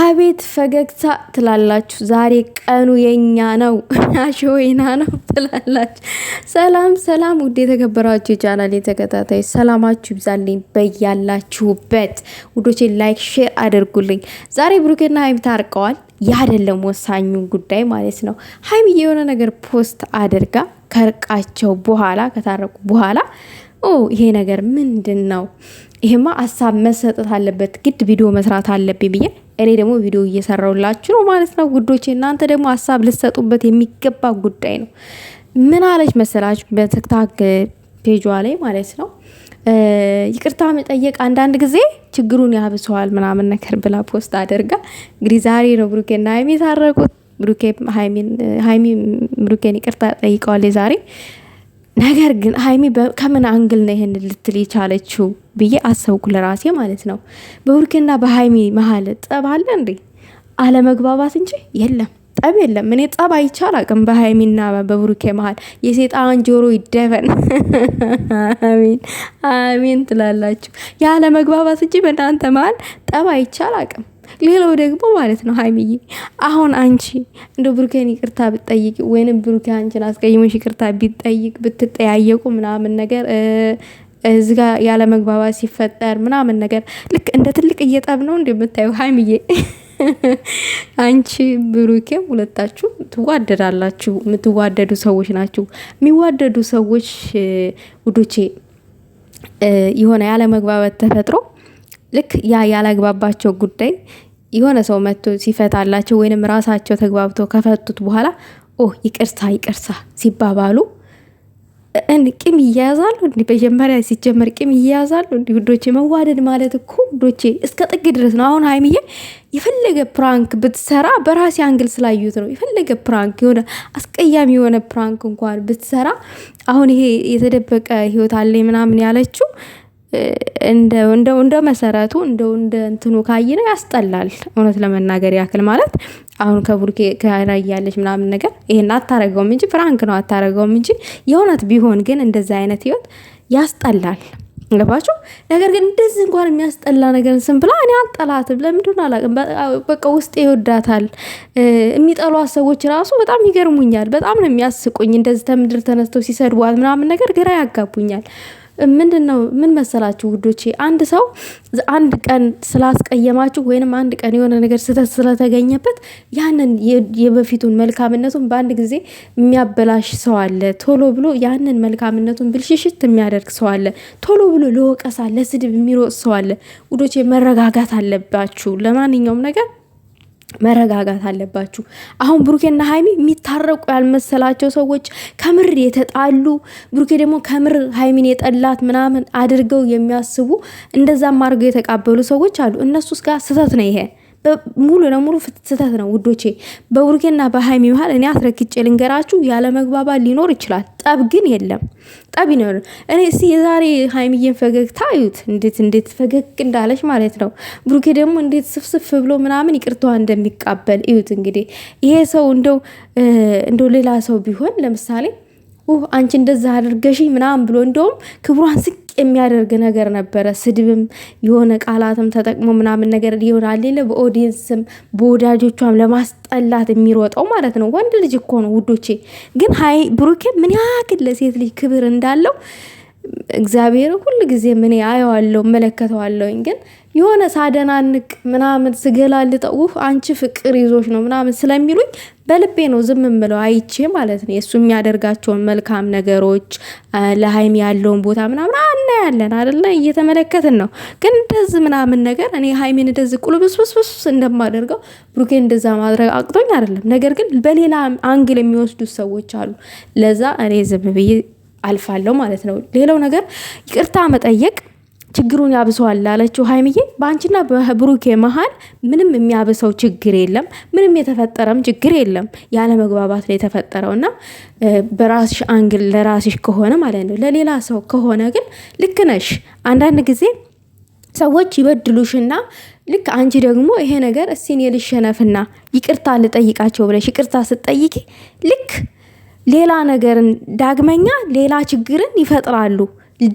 አቤት ፈገግታ ትላላችሁ። ዛሬ ቀኑ የኛ ነው፣ አሸወይና ነው ትላላችሁ። ሰላም ሰላም፣ ውድ የተከበራችሁ የቻናል የተከታታይ ሰላማችሁ ይብዛልኝ በያላችሁበት። ውዶቼ ላይክ፣ ሼር አድርጉልኝ። ዛሬ ብሩኬና ሀይሚ ታርቀዋል። ያደለም ወሳኙ ጉዳይ ማለት ነው። ሀይሚ የሆነ ነገር ፖስት አድርጋ ከርቃቸው በኋላ ከታረቁ በኋላ ይሄ ነገር ምንድን ነው? ይሄማ ሀሳብ መሰጠት አለበት፣ ግድ ቪዲዮ መስራት አለብኝ ብዬ እኔ ደግሞ ቪዲዮ እየሰራውላችሁ ነው ማለት ነው ጉዶች። እናንተ ደግሞ ሀሳብ ልሰጡበት የሚገባ ጉዳይ ነው። ምን አለች መሰላችሁ? በትክታክ ፔጇ ላይ ማለት ነው ይቅርታ መጠየቅ አንዳንድ ጊዜ ችግሩን ያብሰዋል ምናምን ነገር ብላ ፖስት አደርጋ እንግዲህ ዛሬ ነው ብሩኬና የሚታረቁት። ብሩኬ ሀይሚ ብሩኬን ይቅርታ ጠይቀዋል ዛሬ። ነገር ግን ሀይሚ ከምን አንግል ነው ይህን ልትል የቻለችው ብዬ አሰብኩ ለራሴ ማለት ነው። በብሩኬና በሀይሚ መሀል ጠብ አለ እንዴ? አለመግባባት እንጂ የለም ጠብ የለም። እኔ ጠብ አይቻል አቅም በሀይሚና በብሩኬ መሀል። የሴጣን ጆሮ ይደፈን። አሚን አሚን ትላላችሁ። የአለመግባባት እንጂ በእናንተ መሀል ጠብ አይቻል አቅም ሌላው ደግሞ ማለት ነው ሀይሚዬ፣ አሁን አንቺ እንደ ብሩኬን ይቅርታ ብጠይቅ ወይንም ብሩኬ አንቺን አስቀይሞሽ ይቅርታ ቢጠይቅ ብትጠያየቁ ምናምን ነገር እዚ ጋ ያለ መግባባት ሲፈጠር ምናምን ነገር ልክ እንደ ትልቅ እየጠብ ነው እንደምታዩ ሀይሚዬ አንቺ ብሩኬም ሁለታችሁ ትዋደዳላችሁ። የምትዋደዱ ሰዎች ናችሁ። የሚዋደዱ ሰዎች ውዶቼ የሆነ ያለ መግባባት ተፈጥሮ ልክ ያ ያላግባባቸው ጉዳይ የሆነ ሰው መጥቶ ሲፈታላቸው ወይንም ራሳቸው ተግባብተው ከፈቱት በኋላ ኦ ይቅርታ ይቅርታ ሲባባሉ ቂም ይያያዛሉ። እንዲ መጀመሪያ ሲጀመር ቂም ይያያዛሉ። እንዲ ውዶቼ መዋደድ ማለት እኮ ውዶቼ እስከ ጥግ ድረስ ነው። አሁን ሀይሚዬ የፈለገ ፕራንክ ብትሰራ በራሴ አንግል ስላዩት ነው። የፈለገ ፕራንክ የሆነ አስቀያሚ የሆነ ፕራንክ እንኳን ብትሰራ አሁን ይሄ የተደበቀ ህይወት አለ ምናምን ያለችው እንደው እንደ መሰረቱ እንደ እንደ እንትኑ ካየነው ያስጠላል። እውነት ለመናገር ያክል ማለት አሁን ከቡርኬ ጋር እያለች ምናምን ነገር ይሄን አታረገውም እንጂ ፍራንክ ነው አታረገውም እንጂ የእውነት ቢሆን ግን እንደዛ አይነት ህይወት ያስጠላል። ገባችሁ? ነገር ግን እንደዚህ እንኳን የሚያስጠላ ነገር ስም ብላ እኔ አልጠላትም። ለምንድን አላውቅም፣ በቃ ውስጤ ይወዳታል። የሚጠሏት ሰዎች ራሱ በጣም ይገርሙኛል። በጣም ነው የሚያስቁኝ። እንደዚህ ተምድር ተነስተው ሲሰድቧት ምናምን ነገር ግራ ያጋቡኛል። ምንድን ነው ምን መሰላችሁ ውዶቼ፣ አንድ ሰው አንድ ቀን ስላስቀየማችሁ ወይንም አንድ ቀን የሆነ ነገር ስህተት ስለተገኘበት ያንን የበፊቱን መልካምነቱን በአንድ ጊዜ የሚያበላሽ ሰው አለ። ቶሎ ብሎ ያንን መልካምነቱን ብልሽሽት የሚያደርግ ሰው አለ። ቶሎ ብሎ ለወቀሳ፣ ለስድብ የሚሮጥ ሰው አለ። ውዶቼ መረጋጋት አለባችሁ ለማንኛውም ነገር መረጋጋት አለባችሁ። አሁን ብሩኬና ሀይሚ የሚታረቁ ያልመሰላቸው ሰዎች ከምር የተጣሉ ብሩኬ ደግሞ ከምር ሀይሚን የጠላት ምናምን አድርገው የሚያስቡ እንደዛም አድርገው የተቃበሉ ሰዎች አሉ። እነሱ ጋር ስህተት ነው ይሄ። ሙሉ ለሙሉ ስህተት ነው ውዶቼ። በቡርኬና በሀይሚ መሀል እኔ አስረግጬ ልንገራችሁ ያለመግባባት ሊኖር ይችላል። ጠብ ግን የለም። ጠብ ይኖር እኔ እስቲ የዛሬ ሀይሚዬን ፈገግታ አዩት፣ እንዴት እንዴት ፈገግ እንዳለች ማለት ነው። ብሩኬ ደግሞ እንዴት ስፍስፍ ብሎ ምናምን ይቅርታዋ እንደሚቃበል እዩት። እንግዲህ ይሄ ሰው እንደው እንደው ሌላ ሰው ቢሆን ለምሳሌ አንቺ እንደዛ አድርገሽ ምናምን ብሎ እንደውም ክብሯን የሚያደርግ ነገር ነበረ። ስድብም የሆነ ቃላትም ተጠቅሞ ምናምን ነገር ሊሆናል ሌለ በኦዲየንስም በወዳጆቿም ለማስጠላት የሚሮጠው ማለት ነው። ወንድ ልጅ እኮ ነው ውዶቼ። ግን ሀይ ብሩኬ ምን ያክል ለሴት ልጅ ክብር እንዳለው እግዚአብሔር ሁል ጊዜ ምን አየዋለው፣ እመለከተዋለሁኝ ግን የሆነ ሳደናንቅ ምናምን ስገላልጠው ውህ አንቺ ፍቅር ይዞች ነው ምናምን ስለሚሉኝ በልቤ ነው ዝም ምለው አይቼ ማለት ነው። የእሱ የሚያደርጋቸውን መልካም ነገሮች ለሀይሚ ያለውን ቦታ ምናምን እናያለን አደለ? እየተመለከትን ነው። ግን እንደዚ ምናምን ነገር እኔ ሀይሚን እንደዚ ቁልብስብስብስ እንደማደርገው ብሩኬ እንደዛ ማድረግ አቅቶኝ አይደለም። ነገር ግን በሌላ አንግል የሚወስዱት ሰዎች አሉ። ለዛ እኔ ዝም ብዬ አልፋለሁ ማለት ነው። ሌላው ነገር ይቅርታ መጠየቅ ችግሩን ያብሰዋል ላለችው ሀይምዬ በአንቺና በብሩኬ መሀል ምንም የሚያብሰው ችግር የለም። ምንም የተፈጠረም ችግር የለም። ያለ መግባባት ነው የተፈጠረው እና በራስሽ አንግል ለራስሽ ከሆነ ማለት ነው። ለሌላ ሰው ከሆነ ግን ልክ ነሽ። አንዳንድ ጊዜ ሰዎች ይበድሉሽና ልክ አንቺ ደግሞ ይሄ ነገር እሲን የልሸነፍና ይቅርታ ልጠይቃቸው ብለሽ ይቅርታ ስትጠይቂ ልክ ሌላ ነገርን ዳግመኛ ሌላ ችግርን ይፈጥራሉ።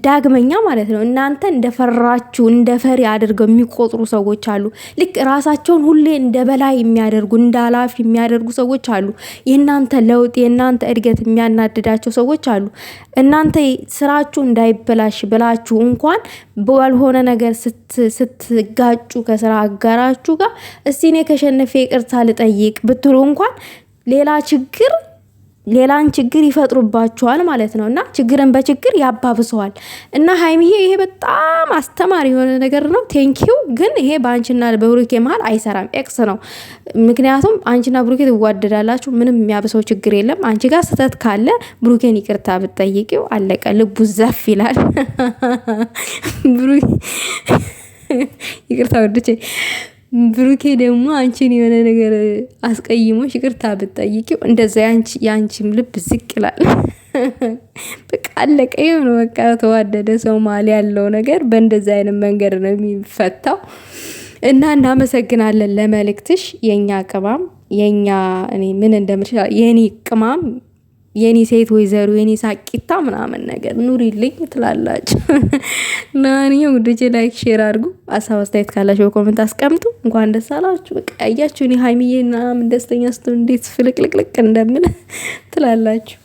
ዳግመኛ ማለት ነው እናንተ እንደፈራችሁ እንደ ፈሪ አድርገው የሚቆጥሩ ሰዎች አሉ። ልክ ራሳቸውን ሁሌ እንደ በላይ የሚያደርጉ እንደ አላፊ የሚያደርጉ ሰዎች አሉ። የእናንተ ለውጥ የእናንተ እድገት የሚያናድዳቸው ሰዎች አሉ። እናንተ ስራችሁ እንዳይበላሽ ብላችሁ እንኳን ባልሆነ ነገር ስትጋጩ ከስራ አጋራችሁ ጋር እስቲ እኔ ከሸነፌ ቅርታ ልጠይቅ ብትሉ እንኳን ሌላ ችግር ሌላን ችግር ይፈጥሩባቸዋል ማለት ነው እና ችግርን በችግር ያባብሰዋል። እና ሀይሚዬ ይሄ በጣም አስተማሪ የሆነ ነገር ነው። ቴንኪው ግን ይሄ በአንቺና በብሩኬ መሀል አይሰራም፣ ኤክስ ነው። ምክንያቱም አንቺና ብሩኬ ትዋደዳላችሁ፣ ምንም የሚያብሰው ችግር የለም። አንቺ ጋር ስህተት ካለ ብሩኬን ይቅርታ ብትጠይቂው አለቀ፣ ልቡ ዘፍ ይላል። ይቅርታ ወድቼ ብሩኬ ደግሞ አንቺን የሆነ ነገር አስቀይሞሽ ይቅርታ ብትጠይቂው እንደዛ የአንቺም ልብ ዝቅ ይላል። በቃ አለቀ። የሆነ በቃ ተዋደደ ሰው መሀል ያለው ነገር በእንደዚ አይነት መንገድ ነው የሚፈታው። እና እናመሰግናለን ለመልእክትሽ የእኛ ቅማም የእኛ እኔ ምን እንደምልሽ የእኔ ቅማም የኔ ሴት ወይዘሮ የኔ ሳቂታ ምናምን ነገር ኑሪልኝ ትላላችሁ። ናኒው ጉዶቼ ላይክ ሼር አድርጉ። አሳብ አስተያየት ካላችሁ በኮመንት አስቀምጡ። እንኳን ደስ አላችሁ። በቃ እያችሁ እኔ ሀይሚዬ ምናምን ደስተኛ ስትሆን እንዴት ፍልቅልቅልቅ እንደምል ትላላችሁ።